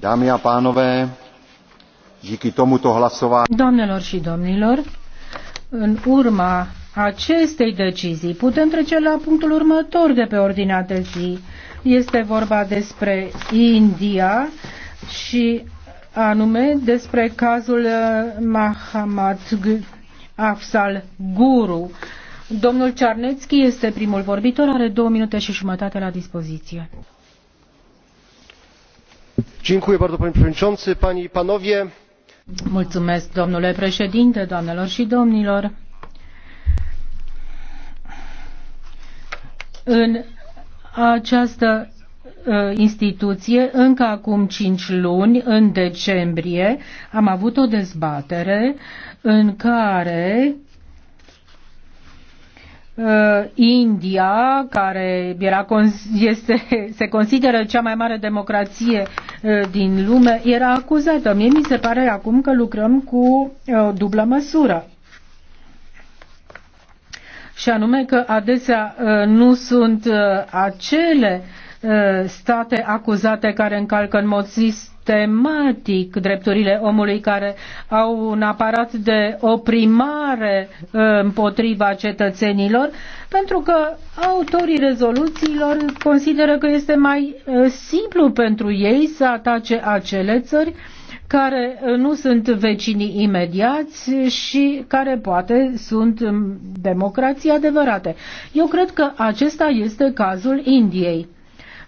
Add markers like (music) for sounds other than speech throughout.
Dámy a pánové, díky tomuto hlasování... Doamnelor și domnilor, în urma acestei decizii putem trece la punctul următor de pe ordinea de zi. Este vorba despre India și anume despre cazul uh, Mahamat Afsal Guru. Domnul Cearnețchi este primul vorbitor, are două minute și jumătate la dispoziție. Mulțumesc, domnule președinte, doamnelor și domnilor. În această uh, instituție, încă acum cinci luni, în decembrie, am avut o dezbatere în care Uh, India, care era, este, (laughs) se consideră cea mai mare democrație uh, din lume, era acuzată. Mie mi se pare acum că lucrăm cu uh, dublă măsură. Și anume că adesea nu sunt acele state acuzate care încalcă în mod sistemic tematic drepturile omului care au un aparat de oprimare uh, împotriva cetățenilor, pentru că autorii rezoluțiilor consideră că este mai uh, simplu pentru ei să atace acele țări care uh, nu sunt vecinii imediați și care poate sunt um, democrații adevărate. Eu cred că acesta este cazul Indiei.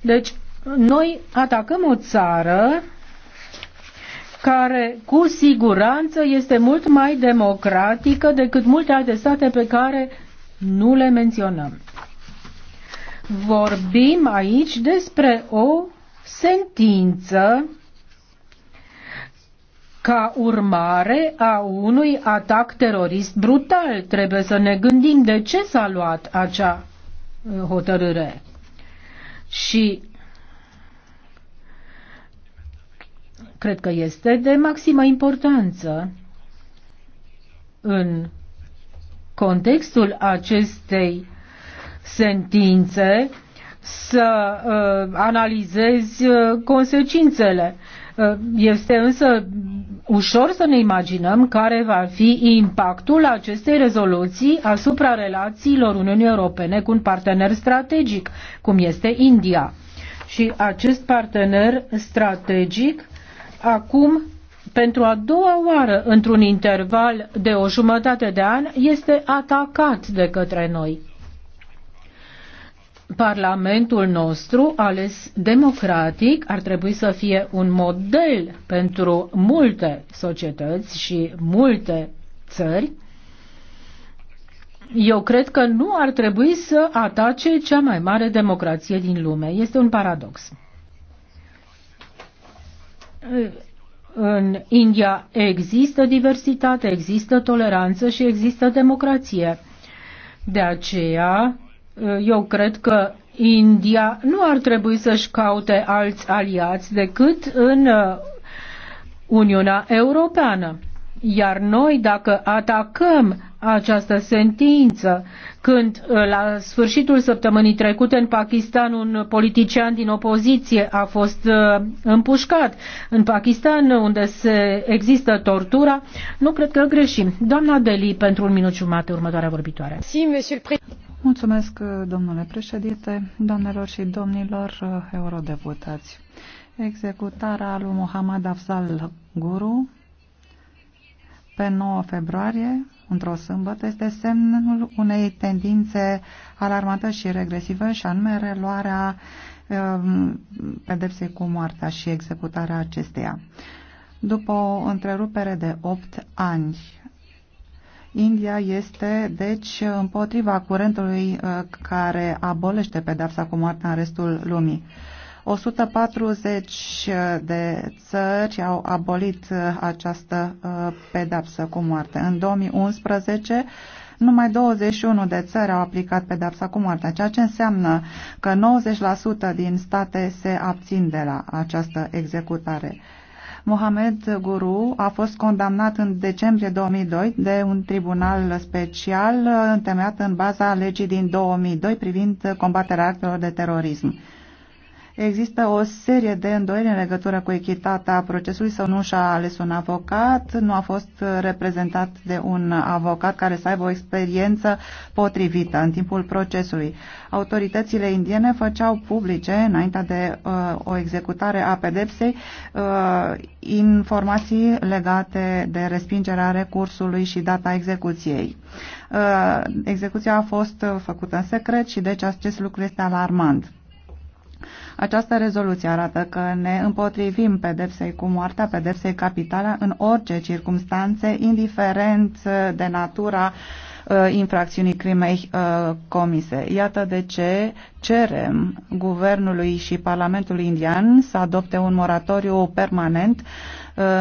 Deci, noi atacăm o țară care cu siguranță este mult mai democratică decât multe alte state pe care nu le menționăm. Vorbim aici despre o sentință ca urmare a unui atac terorist brutal. Trebuie să ne gândim de ce s-a luat acea uh, hotărâre. Și cred că este de maximă importanță în contextul acestei sentințe să uh, analizezi uh, consecințele. Uh, este însă ușor să ne imaginăm care va fi impactul acestei rezoluții asupra relațiilor Uniunii Europene cu un partener strategic, cum este India. Și acest partener strategic acum pentru a doua oară într-un interval de o jumătate de an este atacat de către noi. Parlamentul nostru, ales democratic, ar trebui să fie un model pentru multe societăți și multe țări. Eu cred că nu ar trebui să atace cea mai mare democrație din lume. Este un paradox în India există diversitate, există toleranță și există democrație. De aceea, eu cred că India nu ar trebui să-și caute alți aliați decât în uh, Uniunea Europeană. Iar noi, dacă atacăm această sentință, când uh, la sfârșitul săptămânii trecute în Pakistan un politician din opoziție a fost uh, împușcat în Pakistan unde se există tortura, nu cred că greșim. Doamna Deli, pentru un minut jumate, următoarea vorbitoare. Mulțumesc, uh, domnule președinte, doamnelor și domnilor eurodeputați. Executarea lui Mohammad Afzal Guru pe 9 februarie, într-o sâmbătă, este semnul unei tendințe alarmantă și regresivă și anume reluarea um, pedepsei cu moartea și executarea acesteia. După o întrerupere de 8 ani, India este, deci, împotriva curentului uh, care abolește pedepsa cu moartea în restul lumii. 140 de țări au abolit uh, această uh, pedapsă cu moarte. În 2011, numai 21 de țări au aplicat pedapsa cu moartea, ceea ce înseamnă că 90% din state se abțin de la această executare. Mohamed Guru a fost condamnat în decembrie 2002 de un tribunal special uh, întemeiat în baza legii din 2002 privind combaterea actelor de terorism. Există o serie de îndoieli în legătură cu echitatea procesului sau nu și-a ales un avocat, nu a fost reprezentat de un avocat care să aibă o experiență potrivită în timpul procesului. Autoritățile indiene făceau publice, înainte de uh, o executare a pedepsei, uh, informații legate de respingerea recursului și data execuției. Uh, execuția a fost făcută în secret și deci acest lucru este alarmant această rezoluție arată că ne împotrivim pedepsei cu moartea, pedepsei capitale în orice circunstanțe, indiferent uh, de natura uh, infracțiunii crimei uh, comise. Iată de ce cerem guvernului și Parlamentului indian să adopte un moratoriu permanent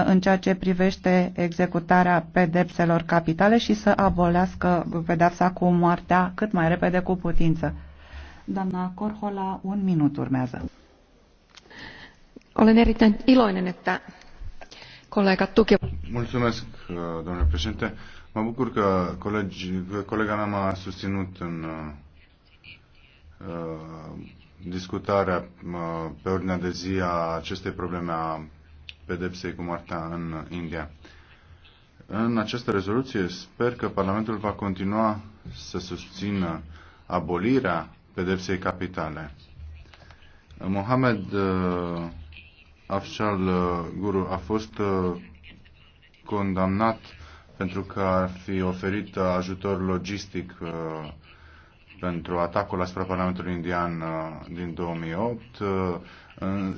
în ceea ce privește executarea pedepselor capitale și să abolească pedepsa cu moartea cât mai repede cu putință. Doamna Corhola, un minut urmează. Olen erittäin iloinen, että kollegat tukevat. Mulțumesc, uh, domnule președinte. Mă bucur că colegi, colega mea m-a susținut în uh, uh, discutarea uh, pe ordinea de zi a acestei probleme a pedepsei cu moartea în India. În această rezoluție sper că Parlamentul va continua să susțină abolirea pedepsei capitale. Mohamed eh, Afshal eh, Guru a fost eh, condamnat pentru că ar fi oferit ajutor logistic pentru atacul asupra Parlamentului Indian din 2008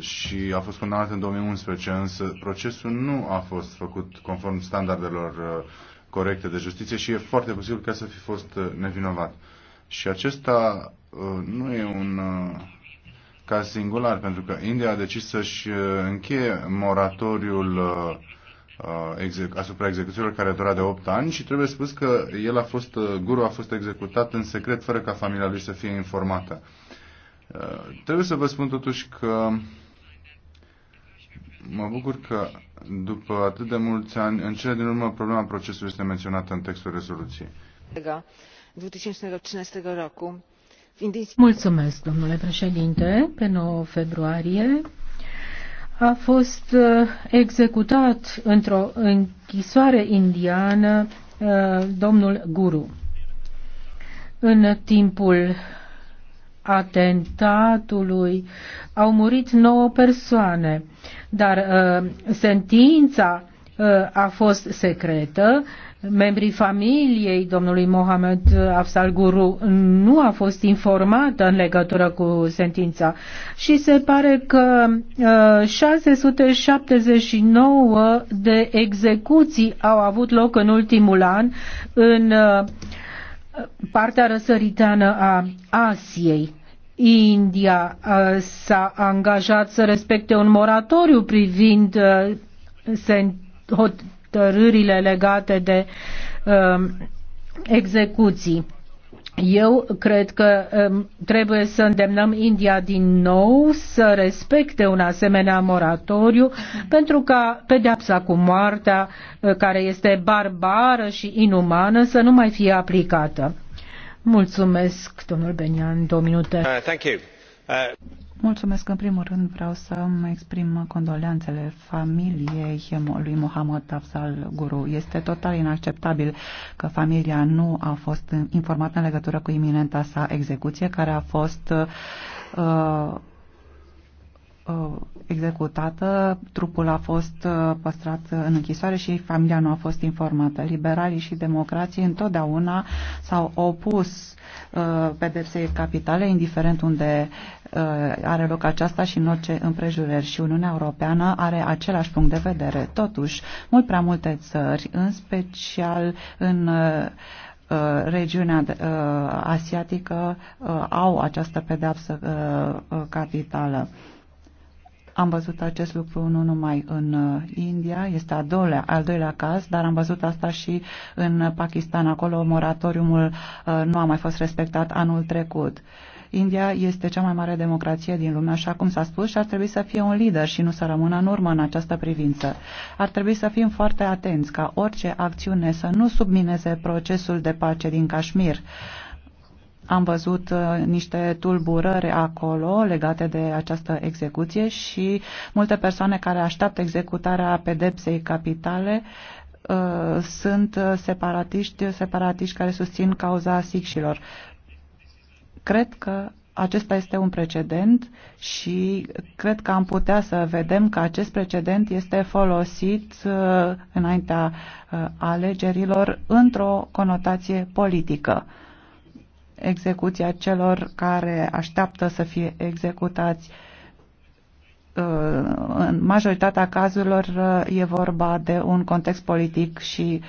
și a fost condamnat în 2011, însă procesul nu a fost făcut conform standardelor corecte de justiție și e foarte posibil ca să fi fost nevinovat. Și acesta nu e un caz singular, pentru că India a decis să-și încheie moratoriul asupra execuțiilor care dura de 8 ani și trebuie spus că el a fost, guru a fost executat în secret fără ca familia lui să fie informată. Trebuie să vă spun totuși că mă bucur că după atât de mulți ani, în cele din urmă, problema procesului este menționată în textul rezoluției. 2013 roku Mulțumesc, domnule președinte. Pe 9 februarie a fost uh, executat într-o închisoare indiană uh, domnul Guru. În timpul atentatului au murit nouă persoane, dar uh, sentința a fost secretă membrii familiei domnului Mohamed Afsal Guru nu a fost informată în legătură cu sentința și se pare că 679 uh, de execuții au avut loc în ultimul an în uh, partea răsăriteană a Asiei. India uh, s-a angajat să respecte un moratoriu privind hotărârile legate de uh, execuții. Eu cred că um, trebuie să îndemnăm India din nou să respecte un asemenea moratoriu pentru ca pedepsa cu moartea, uh, care este barbară și inumană, să nu mai fie aplicată. Mulțumesc, domnul Benian, două minute. Uh, thank you. Uh... Mulțumesc. În primul rând vreau să îmi exprim condoleanțele familiei lui Mohamed Afzal Guru. Este total inacceptabil că familia nu a fost informată în legătură cu iminenta sa execuție, care a fost uh, uh, executată, trupul a fost uh, păstrat în închisoare și familia nu a fost informată. Liberalii și democrații întotdeauna s-au opus uh, pedepsei capitale, indiferent unde Uh, are loc aceasta și în orice împrejurări și Uniunea Europeană are același punct de vedere. Totuși, mult prea multe țări, în special în uh, uh, regiunea asiatică, au această pedeapsă capitală. Am văzut acest lucru nu numai în India, este a doilea, al doilea caz, dar am văzut asta și în Pakistan. Acolo moratoriumul nu a mai fost respectat anul trecut. Uh, India este cea mai mare democrație din lume, așa cum s-a spus, și ar trebui să fie un lider și nu să rămână în urmă în această privință. Ar trebui să fim foarte atenți ca orice acțiune să nu submineze procesul de pace din Kashmir. Am văzut uh, niște tulburări acolo legate de această execuție și multe persoane care așteaptă executarea pedepsei capitale uh, sunt uh, separatiști, separatiști care susțin cauza sixilor. Cred că acesta este un precedent și cred că am putea să vedem că acest precedent este folosit uh, înaintea uh, alegerilor într-o conotație politică. Execuția celor care așteaptă să fie executați uh, în majoritatea cazurilor e vorba de un context politic și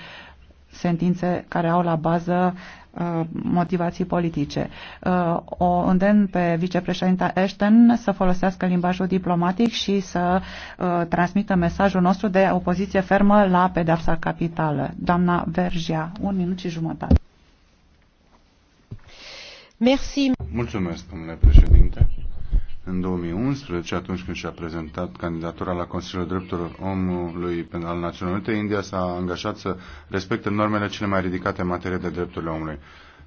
sentințe care au la bază Uh, motivații politice. Uh, o îndemn pe vicepreședinta Ashton să folosească limbajul diplomatic și să uh, transmită mesajul nostru de opoziție fermă la pedeapsa capitală. Doamna Vergea, un minut și jumătate. Merci. Mulțumesc, domnule președinte în 2011, atunci când și-a prezentat candidatura la Consiliul Drepturilor Omului al Națiunilor Unite, India s-a angajat să respecte normele cele mai ridicate în materie de drepturile omului.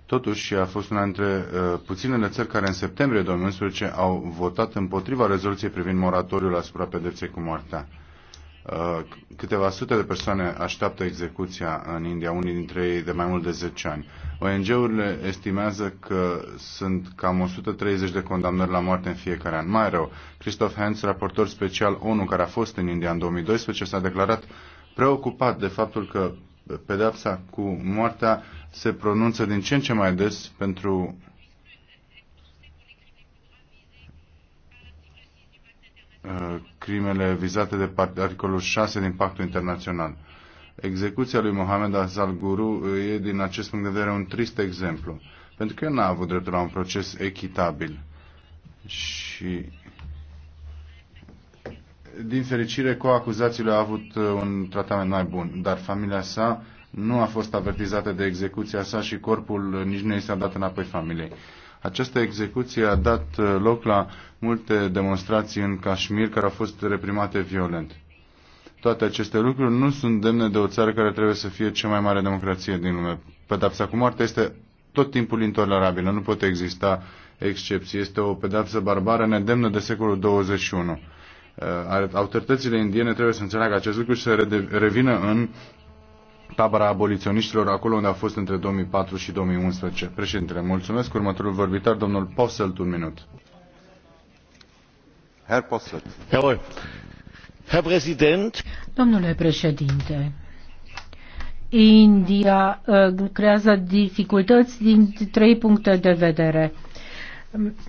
Totuși, a fost una dintre uh, puținele țări care în septembrie 2011 au votat împotriva rezoluției privind moratoriul asupra pedepsei cu moartea. Uh, câteva sute de persoane așteaptă execuția în India, unii dintre ei de mai mult de 10 ani. ONG-urile estimează că sunt cam 130 de condamnări la moarte în fiecare an. Mai rău, Christoph Hans, raportor special ONU care a fost în India în 2012, s-a declarat preocupat de faptul că pedepsa cu moartea se pronunță din ce în ce mai des pentru Uh, crimele vizate de articolul 6 din Pactul Internațional. Execuția lui Mohamed Guru uh, e, din acest punct de vedere, un trist exemplu, pentru că el n-a avut dreptul la un proces echitabil. Și, din fericire, cu acuzațiile a avut uh, un tratament mai bun, dar familia sa nu a fost avertizată de execuția sa și corpul nici nu i s-a dat înapoi familiei. Această execuție a dat uh, loc la multe demonstrații în Kashmir care au fost reprimate violent. Toate aceste lucruri nu sunt demne de o țară care trebuie să fie cea mai mare democrație din lume. Pedapsa cu moartea este tot timpul intolerabilă, nu poate exista excepții. Este o pedapsă barbară nedemnă de secolul 21 uh, autoritățile indiene trebuie să înțeleagă acest lucru și să revină în tabăra aboliționiștilor acolo unde a fost între 2004 și 2011. Președintele, mulțumesc. Următorul vorbitor, domnul Posselt, un minut. Herr Posselt. Jawohl. Herr Präsident. Domnule președinte, India uh, creează dificultăți din trei puncte de vedere.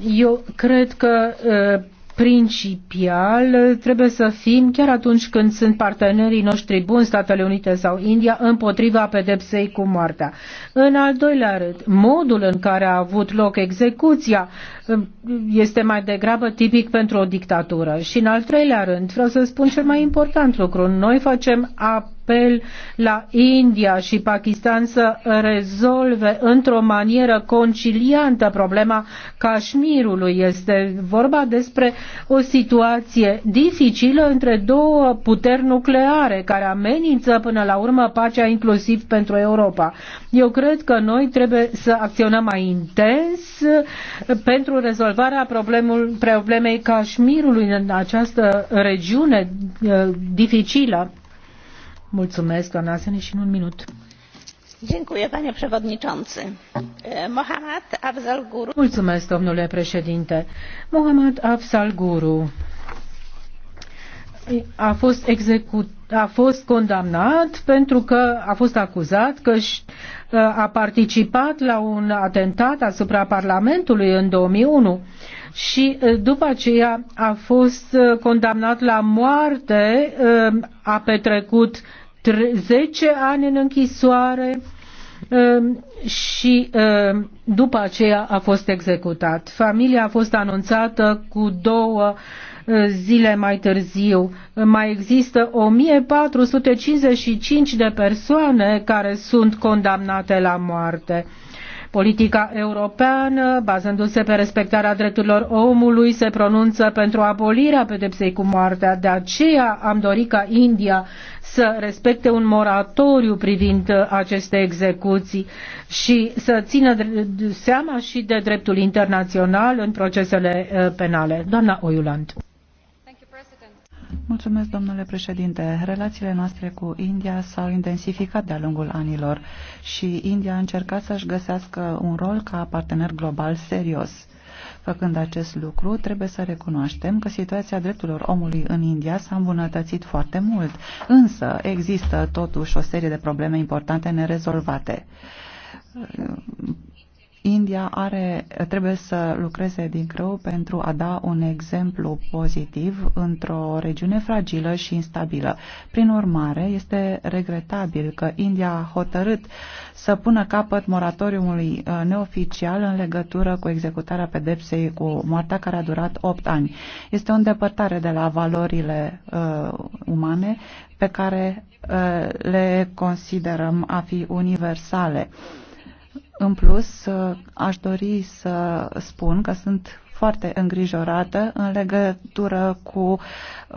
Eu cred că uh, principial trebuie să fim, chiar atunci când sunt partenerii noștri buni, Statele Unite sau India, împotriva pedepsei cu moartea. În al doilea rând, modul în care a avut loc execuția um, este mai degrabă tipic pentru o dictatură. Și în al treilea rând, vreau să spun cel mai important lucru, noi facem apel apel la India și Pakistan să rezolve într-o manieră conciliantă problema Cașmirului. Este vorba despre o situație dificilă între două puteri nucleare care amenință până la urmă pacea inclusiv pentru Europa. Eu cred că noi trebuie să acționăm mai intens pentru rezolvarea problemei Cașmirului în această regiune eh, dificilă. Mulțumesc, și în un minut. Mulțumesc, domnule președinte. Mohamed Afzal Guru a fost, execut, a fost condamnat pentru că a fost acuzat că a participat la un atentat asupra Parlamentului în 2001 și după aceea a fost condamnat la moarte, a petrecut 10 ani în închisoare um, și um, după aceea a fost executat. Familia a fost anunțată cu două uh, zile mai târziu. Mai există 1455 de persoane care sunt condamnate la moarte. Politica europeană, bazându-se pe respectarea drepturilor omului, se pronunță pentru abolirea pedepsei cu moartea. De aceea am dorit ca India să respecte un moratoriu privind aceste execuții și să țină seama și de dreptul internațional în procesele eh, penale. Doamna Oiuland. Mulțumesc, domnule președinte. Relațiile noastre cu India s-au intensificat de-a lungul anilor și India a încercat să-și găsească un rol ca partener global serios. Făcând acest lucru, trebuie să recunoaștem că situația drepturilor omului în India s-a îmbunătățit foarte mult, însă există totuși o serie de probleme importante nerezolvate India are, trebuie să lucreze din greu pentru a da un exemplu pozitiv într-o regiune fragilă și instabilă. Prin urmare, este regretabil că India a hotărât să pună capăt moratoriumului uh, neoficial în legătură cu executarea pedepsei cu moartea care a durat 8 ani. Este o îndepărtare de la valorile uh, umane pe care uh, le considerăm a fi universale. Uh, în plus, aș dori să spun că sunt foarte îngrijorată în legătură cu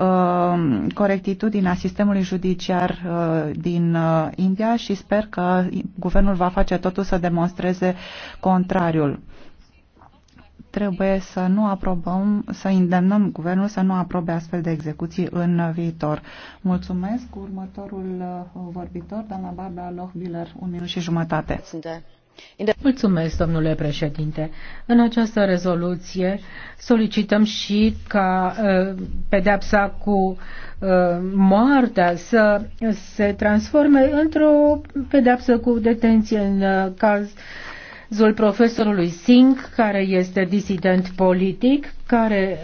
uh, corectitudinea sistemului judiciar uh, din uh, India și sper că guvernul va face totul să demonstreze contrariul. Trebuie să nu aprobăm, să îndemnăm guvernul să nu aprobe astfel de execuții în viitor. Mulțumesc. Următorul uh, vorbitor, doamna Barbara Lohbiller, un minut și jumătate. Sunt de. Mulțumesc, domnule președinte. În această rezoluție solicităm și ca uh, pedepsa cu uh, moartea să se transforme într-o pedepsă cu detenție în caz uh, cazul profesorului Singh, care este disident politic, care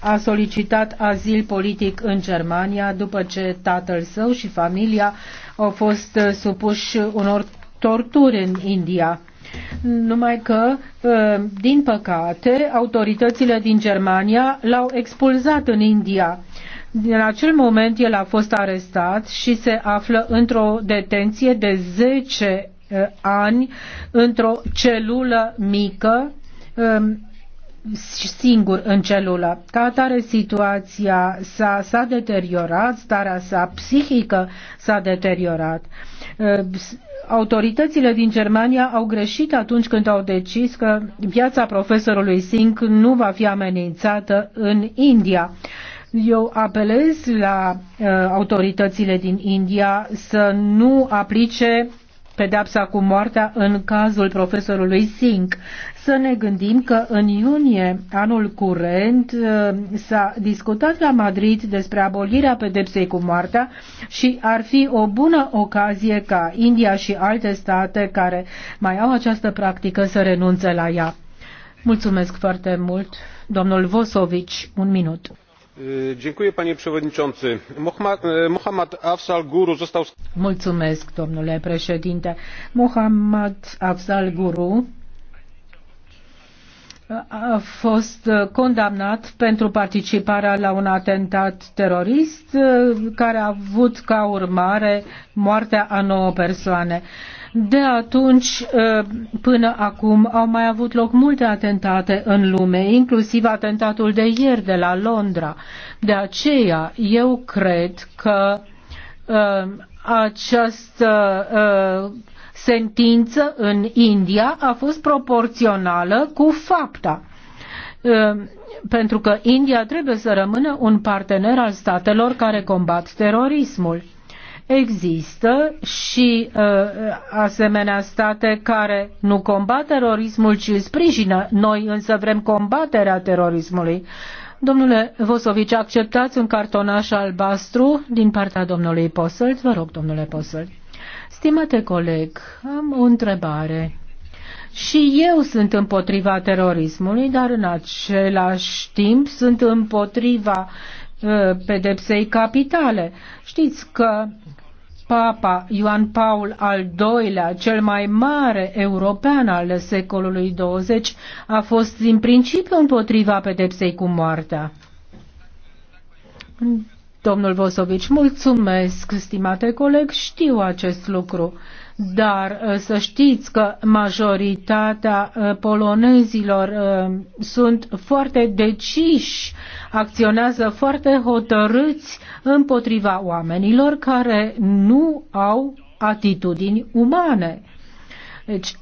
a solicitat azil politic în Germania după ce tatăl său și familia au fost supuși unor torturi în India. Numai că, ă, din păcate, autoritățile din Germania l-au expulzat în India. În acel moment el a fost arestat și se află într-o detenție de 10 ă, ani într-o celulă mică ă, singur în celulă. Ca atare situația s-a, deteriorat, starea sa psihică s-a deteriorat. Uh, autoritățile din Germania au greșit atunci când au decis că viața profesorului Singh nu va fi amenințată în India. Eu apelez la uh, autoritățile din India să nu aplice pedepsa cu moartea în cazul profesorului Sink. Să ne gândim că în iunie anul curent uh, s-a discutat la Madrid despre abolirea pedepsei cu moartea și ar fi o bună ocazie ca India și alte state care mai au această practică să renunțe la ea. Mulțumesc foarte mult, domnul Vosovici, un minut. Mulțumesc, domnule președinte. Mohammad Afzal Guru a fost condamnat pentru participarea la un atentat terorist care a avut ca urmare moartea a nouă persoane. De atunci ă, până acum au mai avut loc multe atentate în lume, inclusiv atentatul de ieri de la Londra. De aceea eu cred că ă, această ă, sentință în India a fost proporțională cu fapta pentru că India trebuie să rămână un partener al statelor care combat terorismul. Există și uh, asemenea state care nu combat terorismul, ci îl sprijină. Noi însă vrem combaterea terorismului. Domnule Vosovici, acceptați un cartonaș albastru din partea domnului Posălt? Vă rog, domnule Posălt. Stimate coleg, am o întrebare. Și eu sunt împotriva terorismului, dar în același timp sunt împotriva Uh, pedepsei capitale. Știți că Papa Ioan Paul al II-lea, cel mai mare european al secolului 20, a fost din principiu împotriva pedepsei cu moartea. Domnul Vosovici, mulțumesc, stimate coleg, știu acest lucru dar uh, să știți că majoritatea uh, polonezilor uh, sunt foarte deciși, acționează foarte hotărâți împotriva oamenilor care nu au atitudini umane. Deci,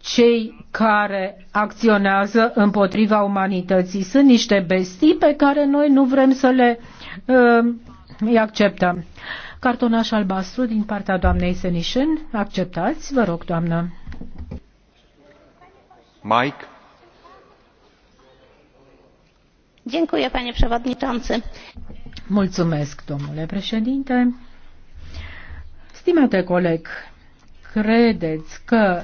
cei care acționează împotriva umanității sunt niște bestii pe care noi nu vrem să le uh, îi acceptăm. Cartonaș albastru din partea doamnei Senișin. Acceptați? Vă rog, doamnă. Mike. Dziękuję, panie przewodniczący. Mulțumesc, domnule președinte. Stimate coleg, credeți că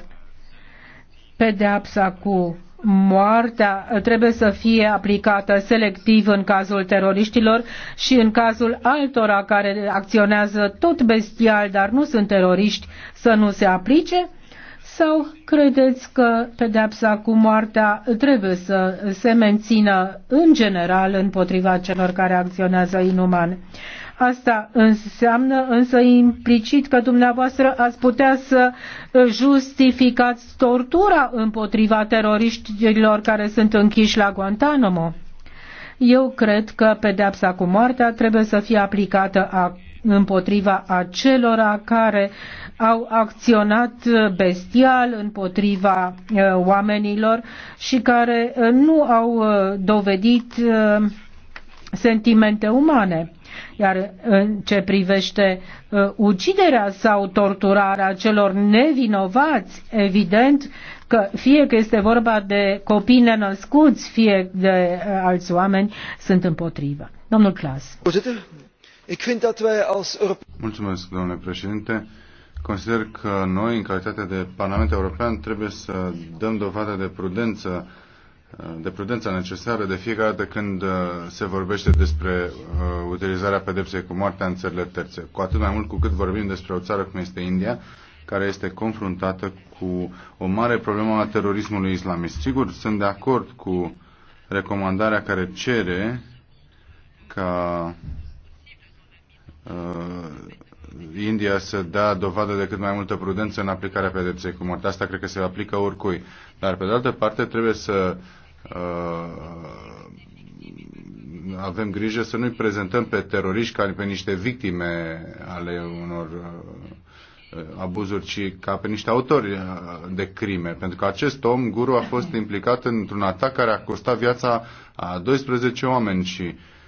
pedeapsa cu moartea trebuie să fie aplicată selectiv în cazul teroriștilor și în cazul altora care acționează tot bestial, dar nu sunt teroriști, să nu se aplice? Sau credeți că pedepsa cu moartea trebuie să se mențină în general împotriva celor care acționează inuman? Asta înseamnă însă implicit că dumneavoastră ați putea să justificați tortura împotriva teroriștilor care sunt închiși la Guantanamo. Eu cred că pedepsa cu moartea trebuie să fie aplicată a, împotriva acelora care au acționat bestial împotriva uh, oamenilor și care uh, nu au uh, dovedit uh, sentimente umane. Iar în ce privește uh, uciderea sau torturarea celor nevinovați, evident că fie că este vorba de copii nenăscuți, fie de uh, alți oameni, sunt împotrivă. Domnul Clas. Mulțumesc, domnule președinte. Consider că noi, în calitate de Parlament European, trebuie să dăm dovadă de prudență de prudență necesară de fiecare dată când uh, se vorbește despre uh, utilizarea pedepsei cu moartea în țările terțe. Cu atât mai mult cu cât vorbim despre o țară cum este India, care este confruntată cu o mare problemă a terorismului islamist. Sigur, sunt de acord cu recomandarea care cere ca uh, India să dea dovadă de cât mai multă prudență în aplicarea pedepsei cu moartea. Asta cred că se aplică oricui. Dar, pe de altă parte, trebuie să uh, avem grijă să nu-i prezentăm pe teroriști ca pe niște victime ale unor uh, abuzuri, ci ca pe niște autori uh, de crime. Pentru că acest om, Guru, a fost implicat într-un atac care a costat viața a 12 oameni și uh,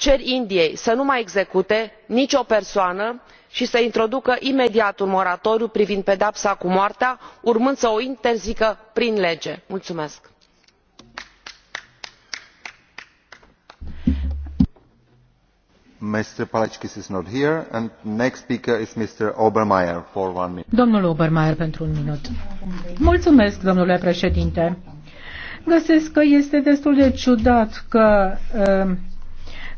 cer indiei să nu mai execute nicio persoană și să introducă imediat un moratoriu privind pedeapsa cu moartea urmând să o interzică prin lege. mulțumesc. Mulțumesc, domnule președinte găsesc că este destul de ciudat că ehm,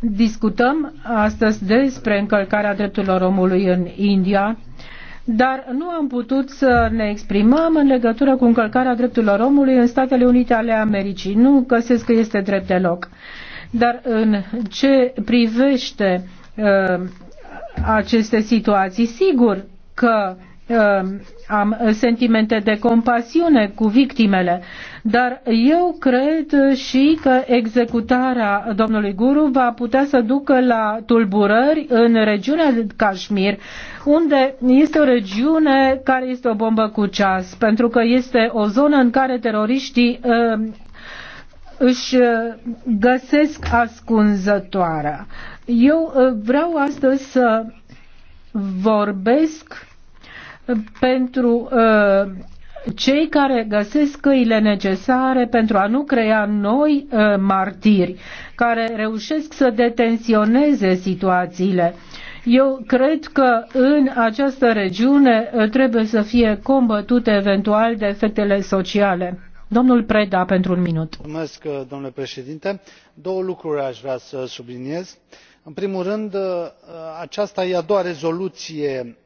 Discutăm astăzi despre încălcarea drepturilor omului în India, dar nu am putut să ne exprimăm în legătură cu încălcarea drepturilor omului în Statele Unite ale Americii. Nu găsesc că este drept deloc. Dar în ce privește uh, aceste situații, sigur că uh, Uh, am sentimente de compasiune cu victimele, dar eu cred și că executarea domnului Guru va putea să ducă la tulburări în regiunea Kashmir, unde este o regiune care este o bombă cu ceas, pentru că este o zonă în care teroriștii uh, își uh, găsesc ascunzătoarea. Eu vreau astăzi să vorbesc pentru uh, cei care găsesc căile necesare pentru a nu crea noi uh, martiri, care reușesc să detensioneze situațiile. Eu cred că în această regiune uh, trebuie să fie combătute eventual defectele sociale. Domnul Preda, pentru un minut. Mulțumesc, domnule președinte. Două lucruri aș vrea să subliniez. În primul rând, aceasta e a doua rezoluție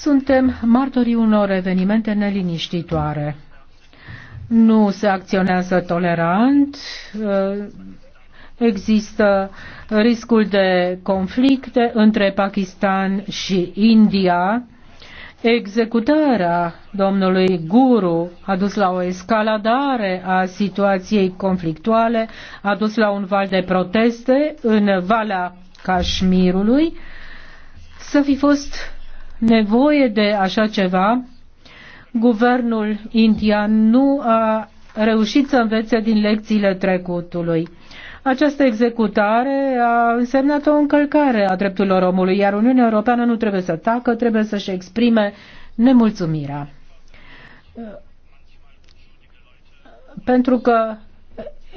Suntem martorii unor evenimente neliniștitoare. Nu se acționează tolerant, uh, există riscul de conflicte între Pakistan și India. Executarea domnului Guru a dus la o escaladare a situației conflictuale, a dus la un val de proteste în Valea Cașmirului. Să fi fost nevoie de așa ceva. Guvernul indian nu a reușit să învețe din lecțiile trecutului. Această executare a însemnat o încălcare a drepturilor omului, iar Uniunea Europeană nu trebuie să tacă, trebuie să-și exprime nemulțumirea. Pentru că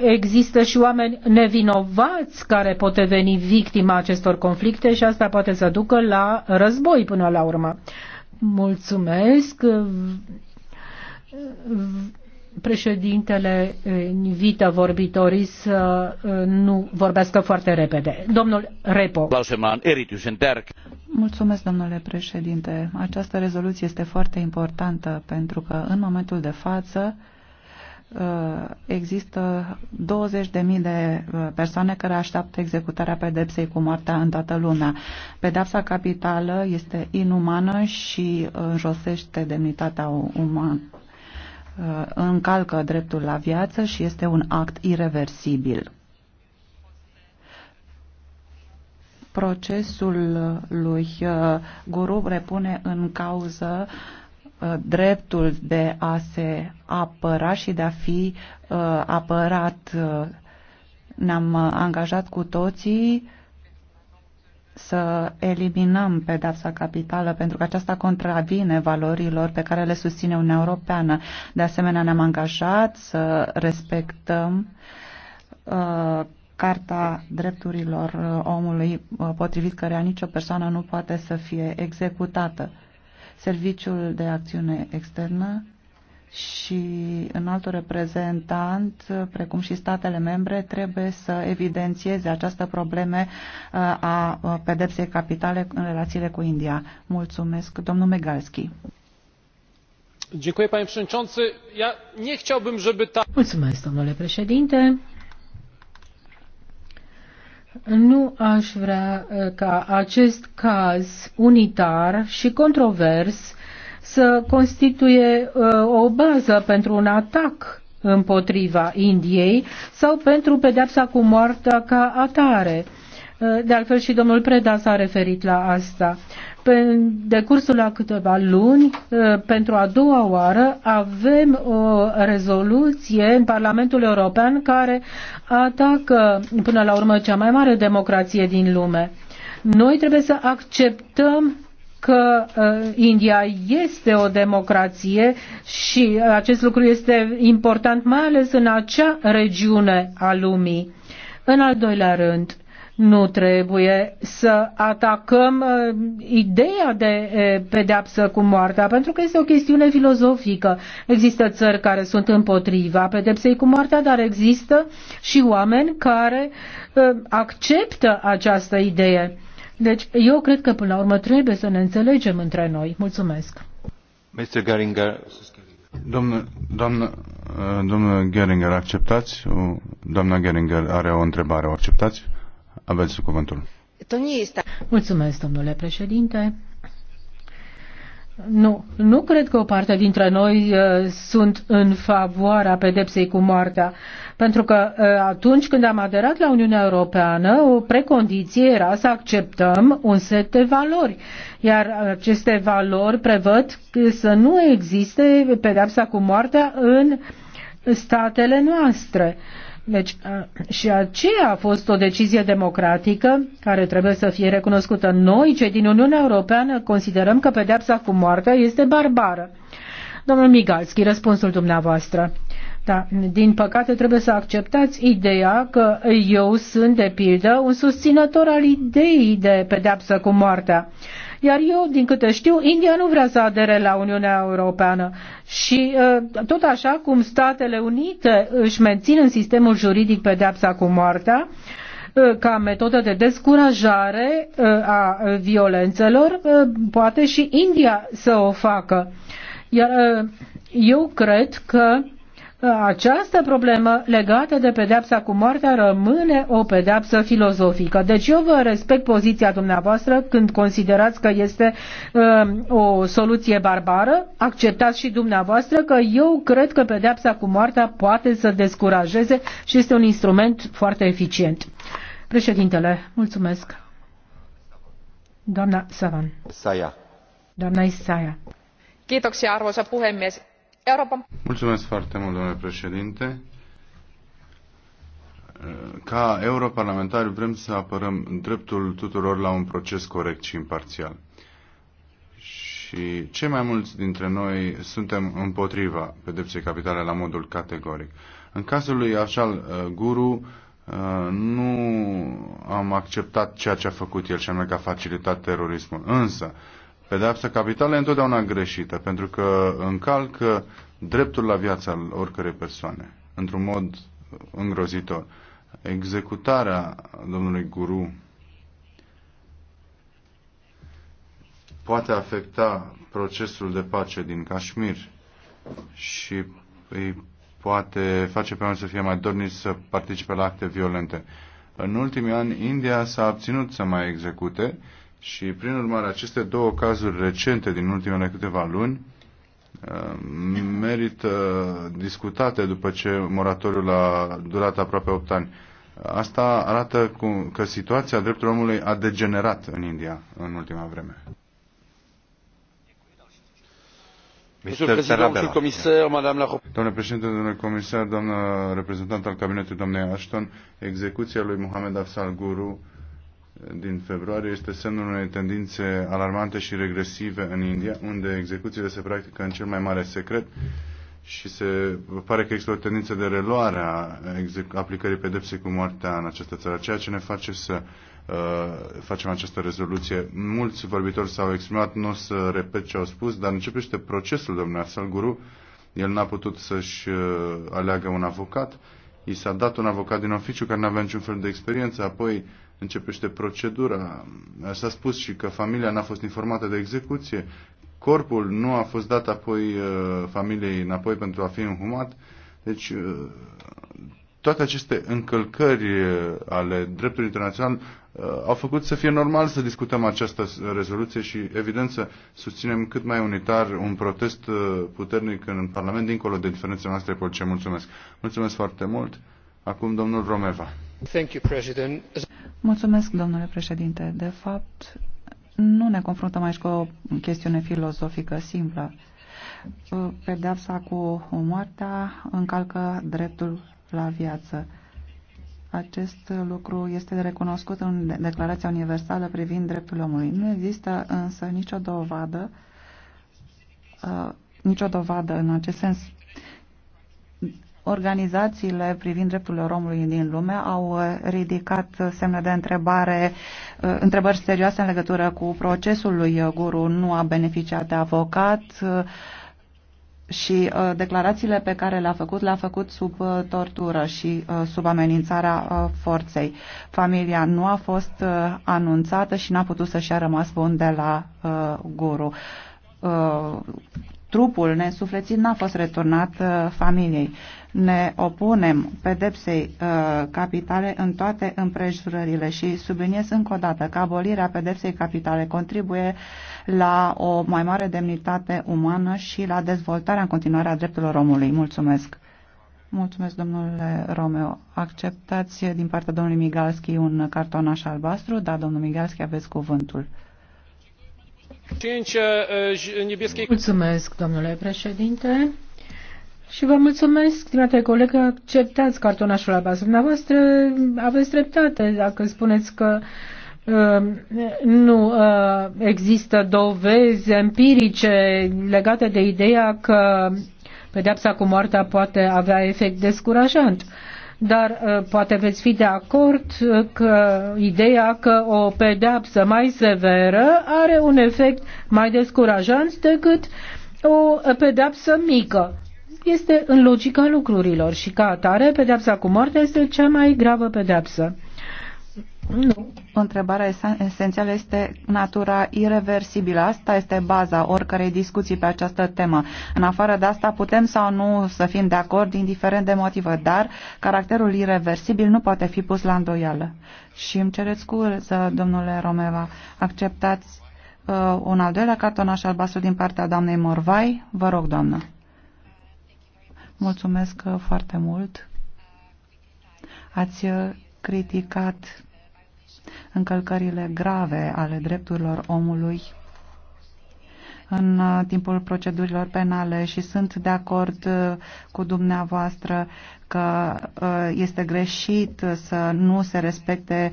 există și oameni nevinovați care pot deveni victima acestor conflicte și asta poate să ducă la război până la urmă. Mulțumesc. Președintele invită vorbitorii să uh, nu vorbească foarte repede. Domnul Repo. Mulțumesc, domnule președinte. Această rezoluție este foarte importantă pentru că în momentul de față Uh, există 20.000 de uh, persoane care așteaptă executarea pedepsei cu moartea în toată lumea. Pedepsa capitală este inumană și înjosește demnitatea umană uh, încalcă dreptul la viață și este un act irreversibil. Procesul lui Guru repune în cauză uh, Uh, dreptul de a se apăra și de a fi uh, apărat. Uh, ne-am angajat cu toții să eliminăm pedapsa capitală, pentru că aceasta contravine valorilor pe care le susține Uniunea Europeană. De asemenea, ne-am angajat să respectăm uh, Carta Drepturilor Omului, potrivit cărea nicio persoană nu poate să fie executată. Serviciul de Acțiune Externă și în altul reprezentant, precum și statele membre, trebuie să evidențieze această probleme uh, a uh, pedepsei capitale în relațiile cu India. Mulțumesc, domnul Megalski. Mulțumesc, domnule președinte. Nu aș vrea uh, ca acest caz unitar și controvers să constituie uh, o bază pentru un atac împotriva Indiei sau pentru pedepsa cu moartea ca atare. Uh, de altfel și domnul Preda s-a referit la asta pe decursul a câteva luni, ă, pentru a doua oară, avem o rezoluție în Parlamentul European care atacă până la urmă cea mai mare democrație din lume. Noi trebuie să acceptăm că ă, India este o democrație și acest lucru este important mai ales în acea regiune a lumii. În al doilea rând, nu trebuie să atacăm uh, ideea de uh, pedeapsă cu moartea, pentru că este o chestiune filozofică. Există țări care sunt împotriva pedepsei cu moartea, dar există și oameni care uh, acceptă această idee. Deci eu cred că până la urmă trebuie să ne înțelegem între noi. Mulțumesc. Mr. Garinger, Domnul, doamnă, domnul Geringer, acceptați? Doamna Geringer are o întrebare, o acceptați? Aveți cuvântul. Mulțumesc, domnule președinte. Nu, nu cred că o parte dintre noi uh, sunt în favoarea pedepsei cu moartea, pentru că uh, atunci când am aderat la Uniunea Europeană, o precondiție era să acceptăm un set de valori, iar aceste valori prevăd să nu existe pedepsa cu moartea în statele noastre. Uh, deci și aceea a fost o decizie democratică care trebuie să fie recunoscută. Noi, cei din Uniunea Europeană, considerăm că pedepsa cu moartea este barbară. Domnul Migalski, răspunsul dumneavoastră. Da, din păcate trebuie să acceptați ideea că eu sunt, de pildă, un susținător al ideii de pedepsă cu moartea. Iar eu, din câte știu, India nu vrea să adere la Uniunea Europeană. Și ă, tot așa cum Statele Unite își mențin în sistemul juridic pedepsa cu moartea, ă, ca metodă de descurajare ă, a violențelor, poate și India să o facă. Iar eu cred că această problemă legată de pedepsa cu moartea rămâne o pedepsă filozofică. Deci eu vă respect poziția dumneavoastră când considerați că este uh, o soluție barbară. Acceptați și dumneavoastră că eu cred că pedepsa cu moartea poate să descurajeze și este un instrument foarte eficient. Președintele, mulțumesc. Doamna Savan. Saia. Doamna Isaia. Kiitoksia arvoisa puhemies Europa... Mulțumesc foarte mult, domnule președinte. Ca europarlamentari vrem să apărăm dreptul tuturor la un proces corect și imparțial. Și cei mai mulți dintre noi suntem împotriva pedepsei capitale la modul categoric. În cazul lui Ashal uh, Guru, uh, nu am acceptat ceea ce a făcut el și anume că a facilitat terorismul. Însă, Pedeapsa capitală e întotdeauna greșită, pentru că încalcă dreptul la viața al oricărei persoane, într-un mod îngrozitor. Executarea domnului Guru poate afecta procesul de pace din Kashmir și îi poate face pe oameni să fie mai dorniți să participe la acte violente. În ultimii ani, India s-a abținut să mai execute și, prin urmare, aceste două cazuri recente din ultimele câteva luni uh, merită discutate după ce moratoriul a durat aproape 8 ani. Asta arată că situația drepturilor omului a degenerat în India în ultima vreme. Domnule președinte, domnule comisar, doamnă reprezentant al cabinetului, domnule Ashton, execuția lui Mohamed Afsal Guru din februarie este semnul unei tendințe alarmante și regresive în India, unde execuțiile se practică în cel mai mare secret și se pare că există o tendință de reluare a aplicării pedepsei cu moartea în această țară, ceea ce ne face să uh, facem această rezoluție. Mulți vorbitori s-au exprimat, nu o să repet ce au spus, dar începește procesul domnului Arsal Guru. El n-a putut să-și uh, aleagă un avocat. I s-a dat un avocat din oficiu care nu avea niciun fel de experiență, apoi începește procedura. S-a spus și că familia n-a fost informată de execuție, corpul nu a fost dat apoi uh, familiei înapoi pentru a fi înhumat. Deci uh, toate aceste încălcări uh, ale dreptului internațional au făcut să fie normal să discutăm această rezoluție și, evident, să susținem cât mai unitar un protest puternic în Parlament, dincolo de diferențele noastre politice. Mulțumesc! Mulțumesc foarte mult! Acum, domnul Romeva. Thank you, President. Mulțumesc, domnule președinte. De fapt, nu ne confruntăm aici cu o chestiune filozofică simplă. Pedeapsa cu moartea încalcă dreptul la viață. Acest lucru este recunoscut în Declarația Universală privind dreptul omului. Nu există însă nicio dovadă, uh, nicio dovadă în acest sens Organizațiile privind drepturile omului din lume au uh, ridicat semne de întrebare, uh, întrebări serioase în legătură cu procesul lui uh, Guru. Nu a beneficiat de avocat și declarațiile pe care le-a făcut, le-a făcut sub tortură și sub amenințarea forței. Familia nu a fost anunțată și n-a putut să-și a rămas bun de la Guru trupul nesuflețit n-a fost returnat uh, familiei. Ne opunem pedepsei uh, capitale în toate împrejurările și subliniez încă o dată că abolirea pedepsei capitale contribuie la o mai mare demnitate umană și la dezvoltarea în continuare a drepturilor omului. Mulțumesc! Mulțumesc, domnule Romeo. Acceptați din partea domnului Migalski un cartonaș albastru? Da, domnul Migalski, aveți cuvântul. Mulțumesc, domnule președinte. Și vă mulțumesc, stimate coleg, că acceptați cartonașul albastru. Dumneavoastră aveți dreptate dacă spuneți că uh, nu uh, există dovezi empirice legate de ideea că pedeapsa cu moartea poate avea efect descurajant. Uh, dar uh, poate veți fi de acord uh, că ideea că o pedeapsă mai severă are un efect mai descurajant decât o pedeapsă mică. Este în logica lucrurilor și ca atare, pedeapsa cu moartea este cea mai gravă pedeapsă. Nu. Întrebarea esențială este natura irreversibilă. Asta este baza oricărei discuții pe această temă. În afară de asta putem sau nu să fim de acord, indiferent de motivă, dar caracterul irreversibil nu poate fi pus la îndoială. Și îmi cereți scuze, domnule Romeva, acceptați uh, un al doilea cartonaș albastru din partea doamnei Morvai? Vă rog, doamnă. Mulțumesc uh, foarte mult. Ați uh, criticat încălcările grave ale drepturilor omului în uh, timpul procedurilor penale și sunt de acord uh, cu dumneavoastră că uh, este greșit să nu se respecte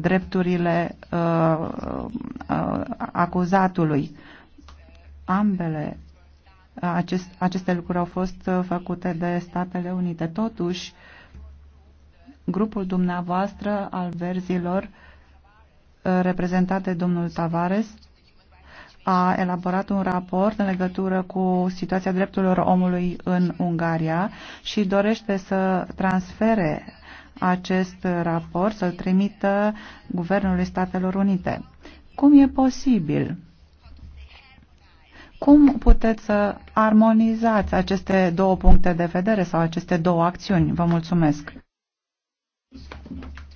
drepturile acuzatului. Ambele acest, aceste lucruri au fost făcute de Statele Unite. Totuși, grupul dumneavoastră al verzilor reprezentat de domnul Tavares a elaborat un raport în legătură cu situația drepturilor omului în Ungaria și dorește să transfere acest raport, să-l trimită Guvernului Statelor Unite. Cum e posibil? Cum puteți să armonizați aceste două puncte de vedere sau aceste două acțiuni? Vă mulțumesc!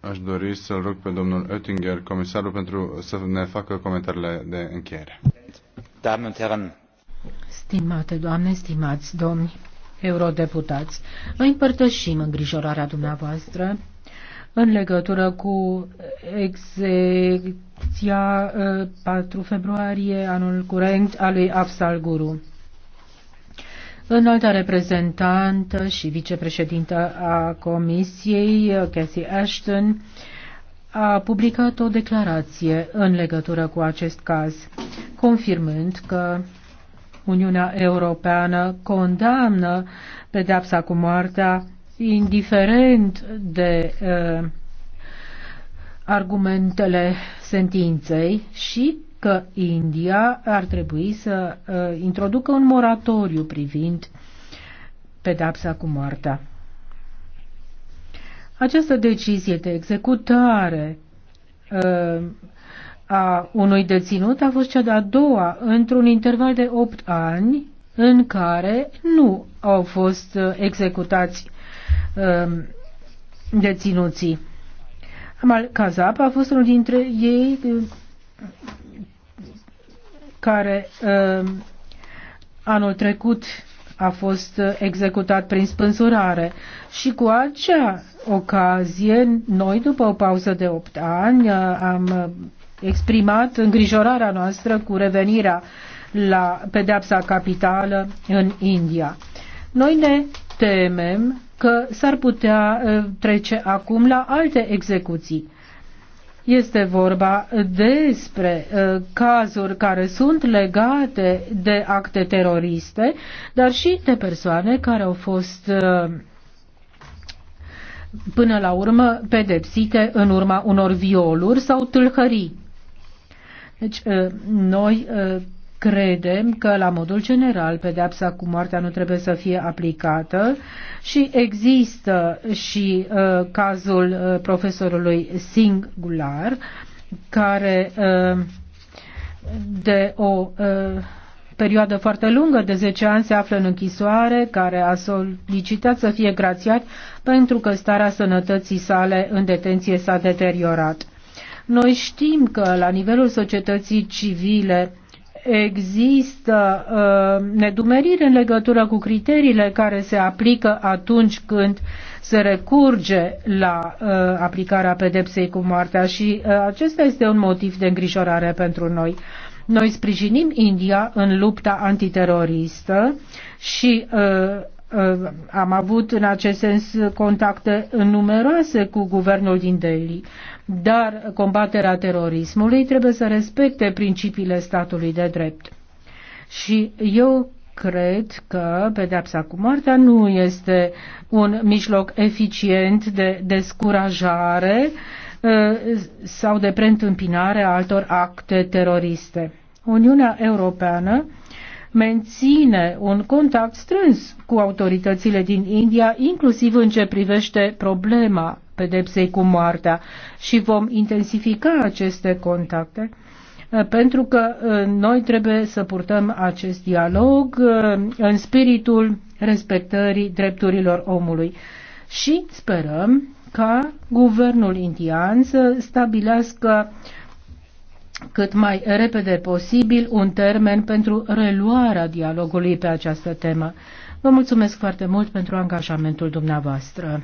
Aș dori să-l rog pe domnul Oettinger, comisarul, pentru să ne facă comentariile de încheiere. Stimate doamne, stimați domni eurodeputați, vă împărtășim îngrijorarea dumneavoastră în legătură cu execuția 4 uh, februarie anul curent a lui Afsal Guru. Înalta reprezentantă și vicepreședintă a Comisiei, Cathy Ashton, a publicat o declarație în legătură cu acest caz, confirmând că Uniunea Europeană condamnă pedepsa cu moartea indiferent de uh, argumentele sentinței și că India ar trebui să uh, introducă un moratoriu privind pedapsa cu moartea. Această decizie de executare uh, a unui deținut a fost cea de-a doua într-un interval de 8 ani în care nu au fost uh, executați uh, deținuții. Amal Kazap a fost unul dintre ei uh, care um, anul trecut a fost executat prin spânzurare. Și cu acea ocazie, noi, după o pauză de 8 ani, uh, am exprimat îngrijorarea noastră cu revenirea la pedepsa capitală în India. Noi ne temem că s-ar putea uh, trece acum la alte execuții. Este vorba despre uh, cazuri care sunt legate de acte teroriste, dar și de persoane care au fost uh, până la urmă pedepsite în urma unor violuri sau tâlhării. Deci, uh, noi uh, Credem că, la modul general, pedepsa cu moartea nu trebuie să fie aplicată și există și uh, cazul uh, profesorului Singular, care uh, de o uh, perioadă foarte lungă, de 10 ani, se află în închisoare, care a solicitat să fie grațiat pentru că starea sănătății sale în detenție s-a deteriorat. Noi știm că la nivelul societății civile există uh, nedumeriri în legătură cu criteriile care se aplică atunci când se recurge la uh, aplicarea pedepsei cu moartea și uh, acesta este un motiv de îngrijorare pentru noi. Noi sprijinim India în lupta antiteroristă și uh, Uh, am avut în acest sens contacte numeroase cu guvernul din Delhi, dar combaterea terorismului trebuie să respecte principiile statului de drept. Și eu cred că pedepsa cu moartea nu este un mijloc eficient de descurajare uh, sau de preîntâmpinare a altor acte teroriste. Uniunea Europeană menține un contact strâns cu autoritățile din India, inclusiv în ce privește problema pedepsei cu moartea și vom intensifica aceste contacte eh, pentru că eh, noi trebuie să purtăm acest dialog eh, în spiritul respectării drepturilor omului. Și sperăm ca guvernul indian să stabilească uh, cât mai repede posibil un termen pentru reluarea dialogului pe această temă. Vă mulțumesc foarte mult pentru angajamentul dumneavoastră.